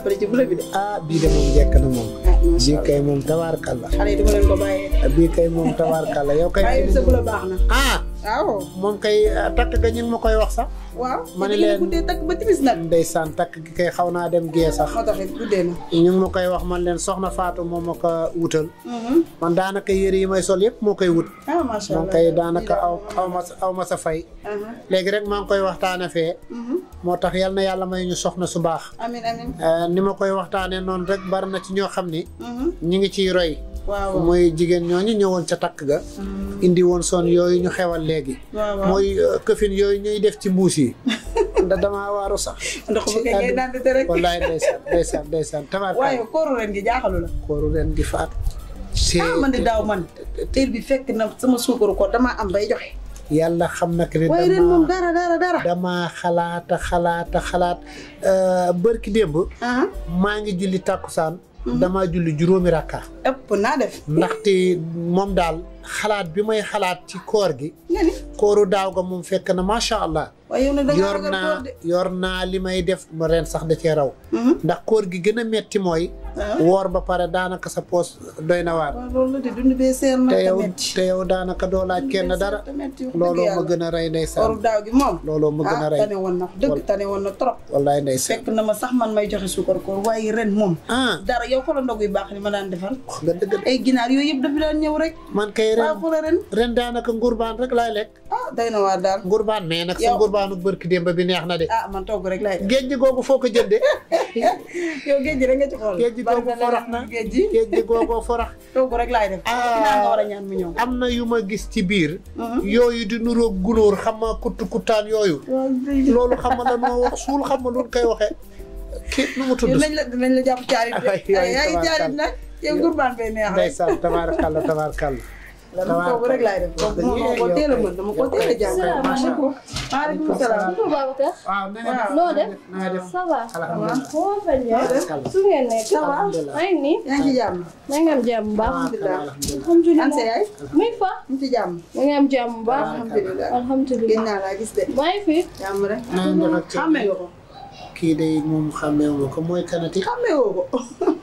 Ah, bii de moom jekk na moom. Ah, bii kay moom tawaar kàlla. xale yi dama leen ko bàyyee. kay moom tawaar kàlla yow kay. ayib sa bula moom kay eh, takk ga ñu ma koy wax sax. waaw ma ne leen guddee takk takk gi kay xaw naa dem gee sax. moo ñu ma koy wax man leen soxna Fatou moom ma ko wutal. Mm-hmm. man daanaka yére yi may sol yëpp moo koy wut. ah kay daanaka aw aw ma sa fay. Uh-huh. léegi rek maa ngi koy waxtaane fee. Mm-hmm. moo tax yal na yàlla may ñu soxna su baax. amiin eh, ni ma koy waxtaanee noonu rek bari na ci ñoo xam ni. Mm-hmm. ñu ngi ciy roy. waaw mooy jigéen ñooñu woon ca takk ga. Mm. indi woon son yooyu ñu xewal léegi. mooy euh, këfin yooyu ñuy def ci mbuus yi. da damaa waaru sax. ndox bu kee waaye kóoru ren gi jaaxalu la. kóoru ren gi faat. ah man de daaw man teel bi fekk na sama suukaru ko dama am bay joxe. yàlla xam nag ne waaye ren moom dara dara dara. damaa xalaata xalaata xalaat euh, bërki démb. Ah. maa ngi julli tàkkusaan Mm-hmm. damaa julli juróomi rakka. ëpp naa def. ndaxte moom daal xalaat bi may xalaat ci koor gi. kooru daaw ga moom fekk na macha allah. waaye yow nag da yor yor naa li may def ma ren sax da cee raw. Mm-hmm. ndax koor gi gën a metti mooy. Ah. woor ba pare daanaka sa poos doy na waar. waaw loolu de dund bee seer na te yow te yow daanaka doo kenn dara. looloo ma gën a rey ndeysaan. oru daaw gi moom looloo ma a ah, rey. ah tane woon na dëgg tane woon na trop. wallaay ndeysaan na ma sax man may joxe suukar koor waaye ren moom. Ah. dara yow xoolal ndog yu baax ni ma daan defal. nga dëgg ay ginaar yooyu yëpp dafa daan ñëw rek. man kay ren ren. ren daanaka ngurbaan rek laay lekk. ah day na waar daal. ngurbaan mais nag sa ngurbaanu bërki démb bi neex na de. ah man togg rek laay def géej foo ko jëndee. yow géej gi rek nga ci xool. géej gi googu forax na géej gi géej gi ah, am na yu ma gis ci biir. Mm-hmm. yooyu di nuroog gunóor xam ma kuttu yooyu. loolu xam ma lan moo xam ma lu koy waxee. kii nu mu tudd dinañ la la jàpp caarit. ay ay dama ko rek laay def dama ko teel a mën dama ko teel a jàng. asalaamaaleykum. maaleykum salaam. waaw noo def. ça va. su ngeen nekk. ça va. maa ngi nii. yaa ngi ci jàmm. maa ngi ba jàmm bu baax. alhamdulilah. am sa yaay. muy fa. mu ci bu baax. alhamdulilah alhamdulilah. gën naa laa gis de. maa ngi fi. jàmm rek. xamee nga ko. kii de moom xamee ko mooy kanati. xamee woo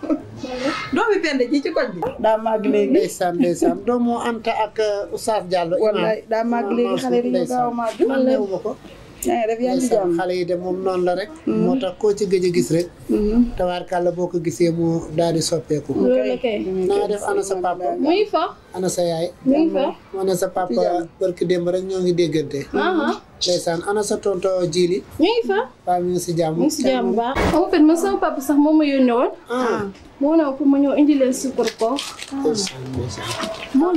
doomi pende ji ci koñ bi. daa màgg léegi ndeysaan ndeysaan doomu Anta ak uh, Oustaz Diallo. wallaay daa màgg léegi xale yi a màgg. man néew ma ko. Eh, xale yi de moom noonu la rek. Mm-hmm. moo tax koo ci gëj a gis rek. Mm-hmm. tabaarkàlla boo ko gisee mu daal di soppeeku. loolu naa def ana sa papa. Mm-hmm. muy fa ana sa yaay. muy fa ana sa papa kë démb rek ñoo ngi déggante. Uh-huh. ndeysaan ana sa tonto Jili. ñu ngi fa. waaw ñu ngi si jàmm. ñu ngi si jàmm papa sax moo ma yónnee woon. Ah. moo ne pour ma ñëw indi leen ah.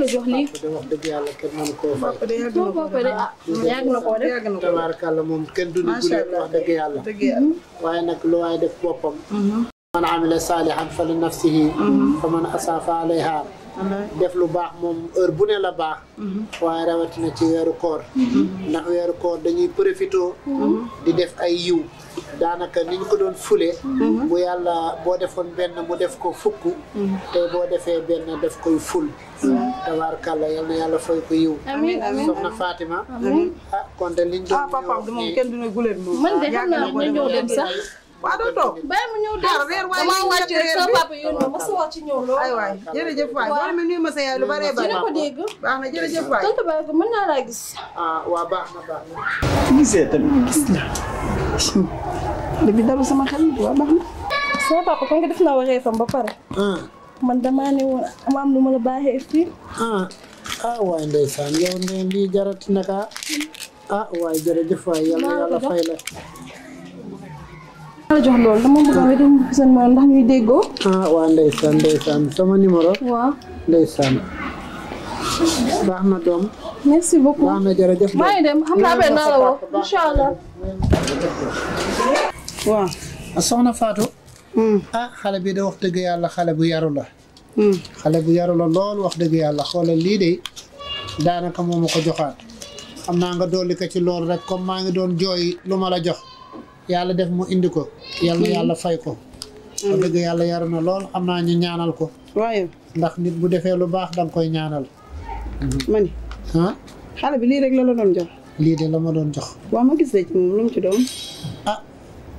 jox dëgg yàlla kenn mënu koo fay. papa de yàgg na ko de ah, yàgg na yàgg na ko de tabaarkàlla moom kenn du wax dëgg yàlla. dëgg yàlla mm-hmm. nag lu waay asaa mm-hmm. fa mm-hmm. alayha def lu baax moom heure bu ne la baax mhm. waaye rawatina ci weeru koor mhm. ndax weeru koor dañuy profitoo mhm. di def ay yiw daanaka ni ko doon fule bu yàlla boo defoon benn mu def ko fukk te boo defee benn def koy ful tabaarkàlla yal na yàlla fay ko yiw soxna Fatima ah konte liñ doon ñëw ah papa moom kenn du ne guleen moom man de ah, xam dem sax waa doo toog bàyyi mu ñëw dee reer waaye papa yi noonu ma sa wàcc ñëw lool ay waay jërëjëf waay boo demee nuyu ma sa yaay lu bare bare ko dégg baax ah waa baax na baax na gisee tamit gis papa pare ah ah waay ndeysaan yow ne lii jarati ah waay la jox loolu dama bëgg ah, sama numéro. waaw ndeysaan. baax na doom. merci beaucoup baax na dem xam naa benn naa la woo incha allah. Ah, hmm. ah, xale bi de wax dëgg yàlla xale bu yaru la. Hmm. xale bu yaru la lool wax dëgg yàlla xoolal lii de daanaka moo ma ko joxaat. xam naa nga dolli ko ci lool rek comme maa ngi doon jooy lu ma la jox yàlla def mu indi ko. yalla hmm. yalla fay ko ba dëgg yàlla yaru na lool xam ñu ñaanal ko waye ndax nit bu defé lu baax dang koy ñaanal ma ha xala bi li rek la la doon jox li de la ma doon jox wa ma gis ci mom lu mu ci doon ah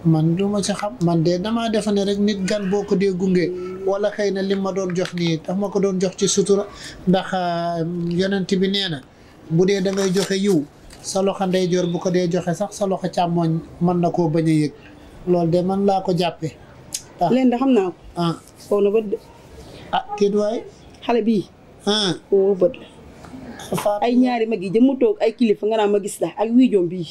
man du ma ci xam man de dama defe ne rek nit gan boko de gungé wala xeyna lim ma doon jox ni tax mako doon jox ci sutura ndax euh, yonent bi neena bu de da ngay joxe yu sa loxo jor bu ko de joxe sax sa loxo chamoy man nako koo yek loolu de man laa ko jàppee. ah leen de xam naa ko. ah na bët de. ah tiit xale bii. ah foo bët ah, ay ñaari mag yi jëm mu toog ay kilifa nga naa ma gis la ak wiijoom bii.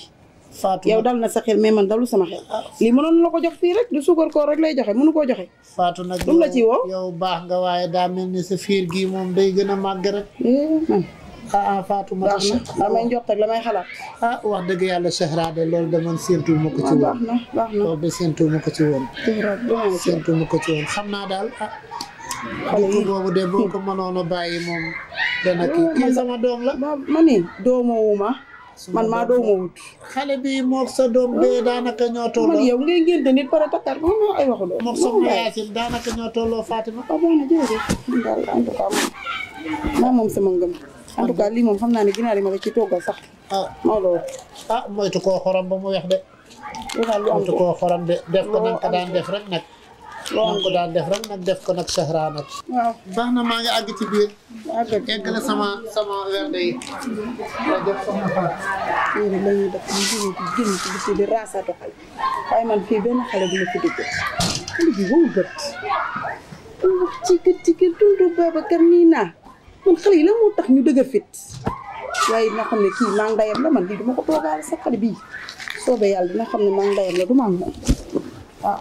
Fatou yow dal na sa xel mais man dalu sama xel. Ah. lii mënoon la ko jox fii rek du suukar koor rek lay joxe mënu koo joxe. Fatou nag yow la ci woo. yow baax nga waaye daa mel ni sa fiir gi moom day gën a màgg rek. Eh, ah ah Fatou ah damay njort ak damay xalaat. ah wax dëgg yàlla Zahra de loolu dama séntu ma ko ci woon. baax na baax na loolu de séntu ma ko ci woon. séntu ma ko ci woon xam naa daal ah. dugg boobu de boo ko mënoon a bàyyi moom dana kii kii sama doom la. ma ni doomu wu ma man maa doomu wut. xale bi moog sa doom bee oh. daanaka ñoo tolloo. man yow ngay ngénte nit pare takkar moom moo ay waxu loolu. moog soxna Yacine daanaka ñoo tolloo Fatima. waaw oh, baax na jërëjëf. daal en tout cas moom moom sama ngëm. en tout cas lii moom xam naa ne ginaar yi sax. ah loolu. ah moytu koo xorom ba mu weex de. lu am moytu koo xorom de def ko nan ko daan def rek nag. loo am ko daan def rek nag def ko nag sahra ci biir. sama sama werde yi. waaw sama xar. fii de def ñu ci ci di man fii benn xale bu ma fi dugg. xale bi wow bët. ci ci kon xale yi la tax ñu dëgër fit waaye dina xam ne kii maa ngi ndayam la man lii duma ko toogaale sa xale bii soobee yàlla dina xam ne maa ngi la du maa ngi moom waaw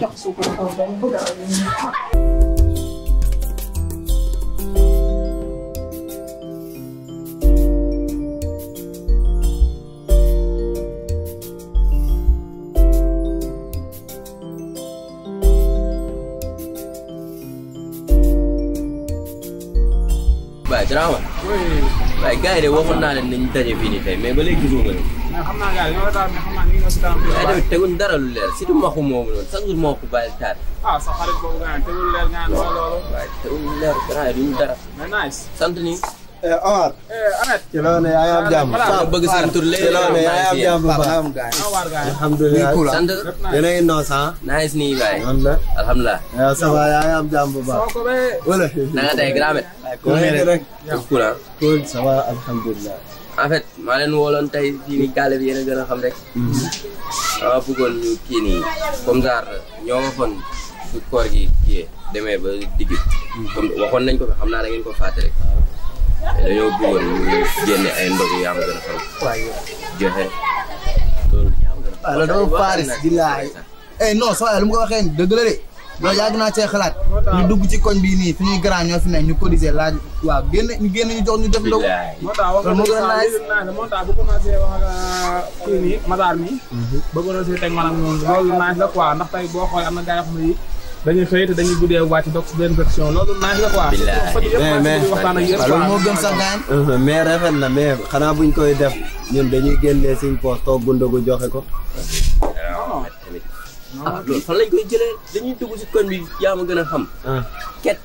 jox suuf Dramé. waaye gars yi de waxoon naa leen nañ daje fii nii tey mais ba léegi gisuma nga mais xam naa gars yi ñoo daal mais xam naa ñu ngi si daan. waaye tamit teguñ dara lu leer surtout maxu moomu noonu chaque jour moo ko bàyyi taal. ah sa xarit boobu nga tegul leer nga sa loolu. waaye tegul leer gars yi duñu dara. mais nice sant ni. Eh, Omar. Eh, Amet ci loo ne am jàmm. waaw bëgg seen tur léegi. ci loo ne gaay. alhamdulilah sant. yéen a ngi noos ah. nice baay. alhamdulilah. waaw eh, ça yaa am jàmm bu baax. wala. na nga tey grand ah. Amet. ko en fait maa leen wooloon tey fii nii gàlle bi yéen gën a xam rek. Mm-hmm. dama bëggoon ñu kii nii comme ça ñoo ma fon su koor gi kii demee ba digg. Mm-hmm. comme waxoon nañ ko naa da ngeen ko fàtte rek. Ah. dañoo bëggoon ñu génne ay ndog yu am gën a joxe loolu am gën ko waxee dëgg la de loolu yàgg naa cee xalaat. ñu dugg ci koñ bii nii suñuy grand ñoo fi ne ñu cotiser laaj. waaw génn ñu génn ñu jox ñu def ndog. loolu moo gën a laaj moo mi. dañuy xëy te dañuy guddee wàcc donc si benn version loolu naaj la quoi. bilaay mais mais loolu moo gën sax gaañ. Uh-huh, mais rafet na mais xanaa buñ koy def ñun dañuy génnee suñ poos toog gundagu joxe ko. waaw tamit. ah loolu si koñ bi yaa ma gën a xam. Uh-huh. ket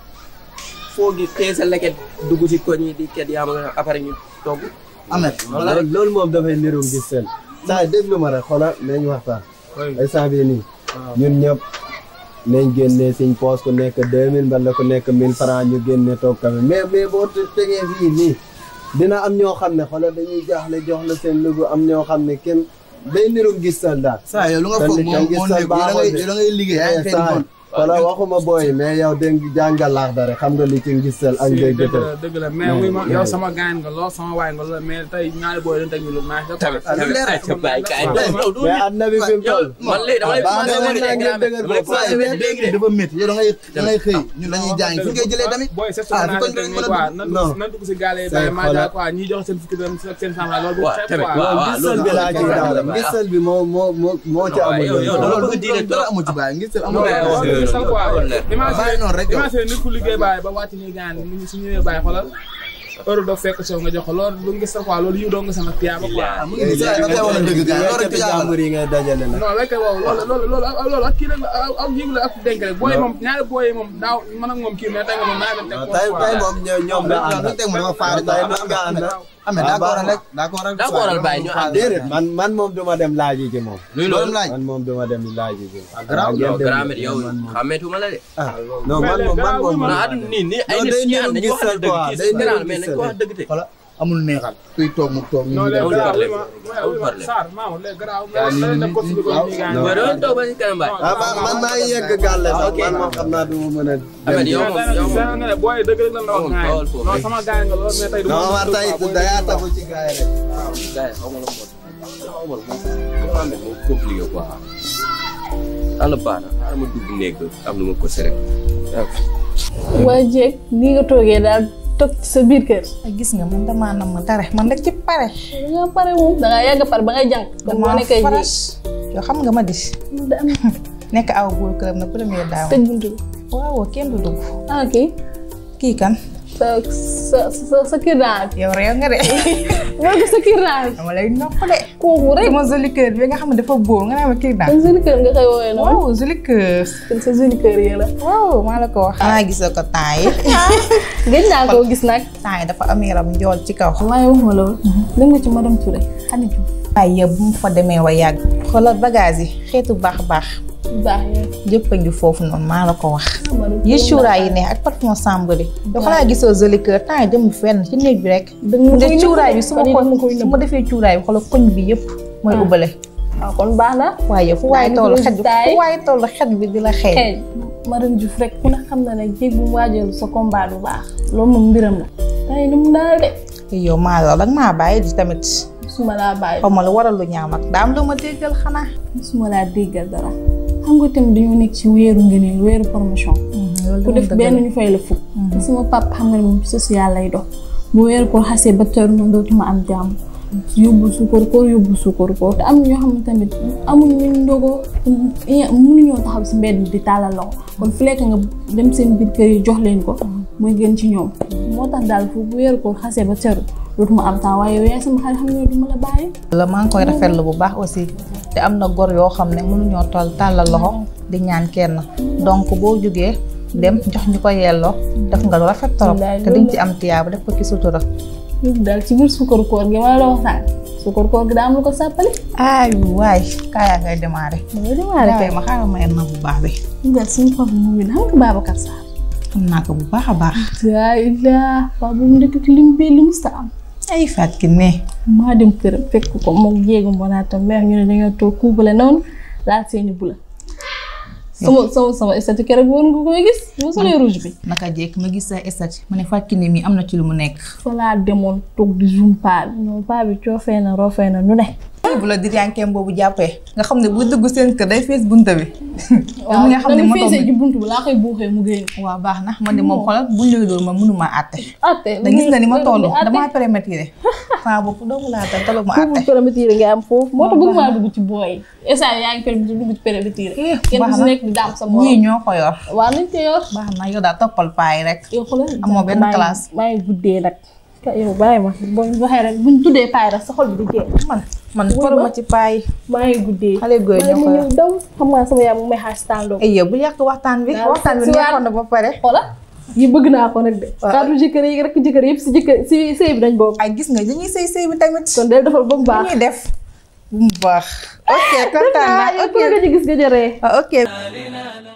foo gi xëy leket dugg si koñ yi di ket yaa ma gën a xam après ñu loolu moom dafay nirum gis seen. saa déglu ma rek xoolal nañu waxtaan. ay saa nii ah. ñun ñëpp. nañ génnee siñ poos ku nekk deux mille mbala ku nekk mille francs ñu génne toog kafe mais mais boo tegee fii nii dina am ñoo xam ne xoolal dañuy jaaxle jox la seen lugu am ñoo xam ne kenn day niru gis daal. saa yow lu nga foog moom moo nekk da ngay liggéey ay wala waxuma booy mais yow dégg jàngal laax dara xam nga li ci ngistal ak dégg la dëgg la ma hmm, yow hmm. sama gaan nga sama waay nga lool mais tey ñaari booy dañ teg ñu lu mais àdduna bi na leen naa ngeen dëgër dafa métti yow da ngay da ngay xëy ñun dañuy jàng fi ngay jëlee tamit ah fi koñ mën a bi laa ci moo moo moo ci amul loolu dara sax quoi bàyyi noonu rek imagine nit ku liggéey bàyyi ba wàcc ni gaan ni su ñëwee bàyyi xoolal heure doo fekk soow nga jox ko loolu du ngi sa quoi loolu yiw doo nga sama tiyaaba quoi mu ngi sa da ngay wala dëgg ga loolu jàmbur la ak kii rek ak yëg la ak dénk rek booy moom ñaari booy moom man ak moom kii mais tey nga moom naa dem teg moom ah, tey moom ñoom ñoom nga ànd teg moom faar tey moom nga am ah, na daa ko waral ñu am déedéet man man moom du ma dem laaji ji moom. luy loolu laaj man moom du ma dem laaji ji. ah grand grand yow xàmmeetuma la de. ah, ah non man moom man moom. ah nii nii ay nit ñi ànd dañu dëgg te amul neexal kuy toog mu toog. ñu ngi doon parler amul parler. waaw ah, ah, naa du mën a. dem yow moom yow moom booy dëgg dëgg la du ma. ko seree. waa jeeg ni toog sa biir kër. Ah, gis nga man damaa nam ma dara man da ci pare. da pare moom da ba ngay jàng. yoo xam nga ma dis. nekk aw góor këram na premier daaw. tëj buntu. waaw kenn du dugg. ah sa sa sa kër daal. yow réew nga de. moo ko sa kër daal. dama lay nopp de. kooku rek sama joli kër bi nga xam ne dafa boobu nga naan kër daal. kon joli nga koy woowee noonu. waaw joli sa joli kër maa la ko wax. xanaa gisoo ko temps yi. gën naa koo gis nag. temps yi dafa am yaram njool ci kaw. waaye waxuma loolu. dem ci madame Touré. xale bi. waaye bu mu fa demee wa yàgg. xoolal bagage yi xeetu baax baax. jëpp a foofu noonu maa la ko wax. Ah, yi cuuraay yi ne ak parfum chambre. yoo xanaa gisoo joli cœur temps yi dem fenn ci néeg bi rek. dëgg cuuraay bi su ma ko defee cuuraay bi xoolal koñ bi yëpp. mooy ah. ubbale. waaw ah, kon baax na. waaye fu waaye toll xet bi fu waaye toll xet bi di la xeeñ. Marème Diouf rek ku ne xam na ne jéeg bu waajal sa combat bu baax. loolu moom mbiram la. tey mu yow maa la ak maa bàyyi di tamit. su ma laa bàyyi xaw lu waral lu ñaaw nag daam lu ma déggal xanaa. su ma laa déggal dara. xam nga tamit dañu nekk ci weeru ngëneel weeru promotion. Mhm, ku def benn ñu fay la fukk. Mhm. sama pap xam nga ne moom social lay dox. bu weer ko xasee ba tër man dootuma am jàmm. yóbbu suukar ko yóbbu suukar ko te am ñoo xam tamit amuñu ñu ndogo mënuñoo taxaw si mbedd di tàllal loxo kon fu lekk nga dem seen biir kër yi jox leen ko mooy gën ci ñoom moo tax daal fu bu weer ko xasee ba teru dootuma am temps waaye yaay sama xarit xam nga duma la bàyyi la maa ngi koy rafetlu bu baax aussi te am na gor yoo xam ne mënuñoo toll tàllal loxo di ñaan kenn donc boo jógee dem jox ñu ko yelloo def nga lu rafet torop te diñ ci am tiyaaba def ko ci sutura daal ci biir sukkaru koor gi ma la wax naan sukkaru koor gi daa am lu ko sàppali ay waay kaayaa ngay démarré ngay ma xaaral ma en na bu baax bi daal suñu fab mu ngi xam nga Babacar Sarr xam naa ko bu baax a baax daa ilaa fab mu ndekk ci lim bee li sa am ay Fatou Kiné maa dem këram fekk ko moom jéegu mbonaatam meex ñu ne dañoo toog kuubale noonu laal seeni bula sama sama sama statut keroog woon nga koy gis mosulee rouge bi naka jekk ma gis sa statut ma ne Fatou Kiné mi am na ci lu mu nekk fa laa demoon toog di zoom paa bi ñoom paa bi coofee na roofee na nu ne bi bu la diriyànkeem boobu jàppee nga xam ne bu dugg seen kër day fees bunta bi waaw nga xam ne ma feesee ci buntu bi laa koy buuxee mu génn waaw baax na man de moom xoolal buñ lay doon man mënumaa àtte àtte da gis na ni ma toll damaa prématuré faa bopp doomu laa tal talo ma àtte prématuré nga am foofu moo tax bëgg maa dugg ci booy eh, baax na yow daal toppal paay rek amoo benn classe maa guddee nag yow bàyyi tuddee paay rek sa xol bi di jeex man man forma ci paay. maa ngi guddee xale góor ñoo ko ñëw daw xam nga sama yaay mu may xaar si tàndoor. ay yow bu yàq waxtaan bi waxtaan bi neexoon na ba pare. xoola yi bëgg naa ko nag de. kaddu jëkkër yi rek jëkkër yëpp si jëkkër si sëy bi dañ bokk. ay gis nga li ñuy sëy sëy bi tamit. kon del defal ba mu baax li ñuy def. bu mu baax. ok kontaan naa ok gis nga jëree. Ah, ok.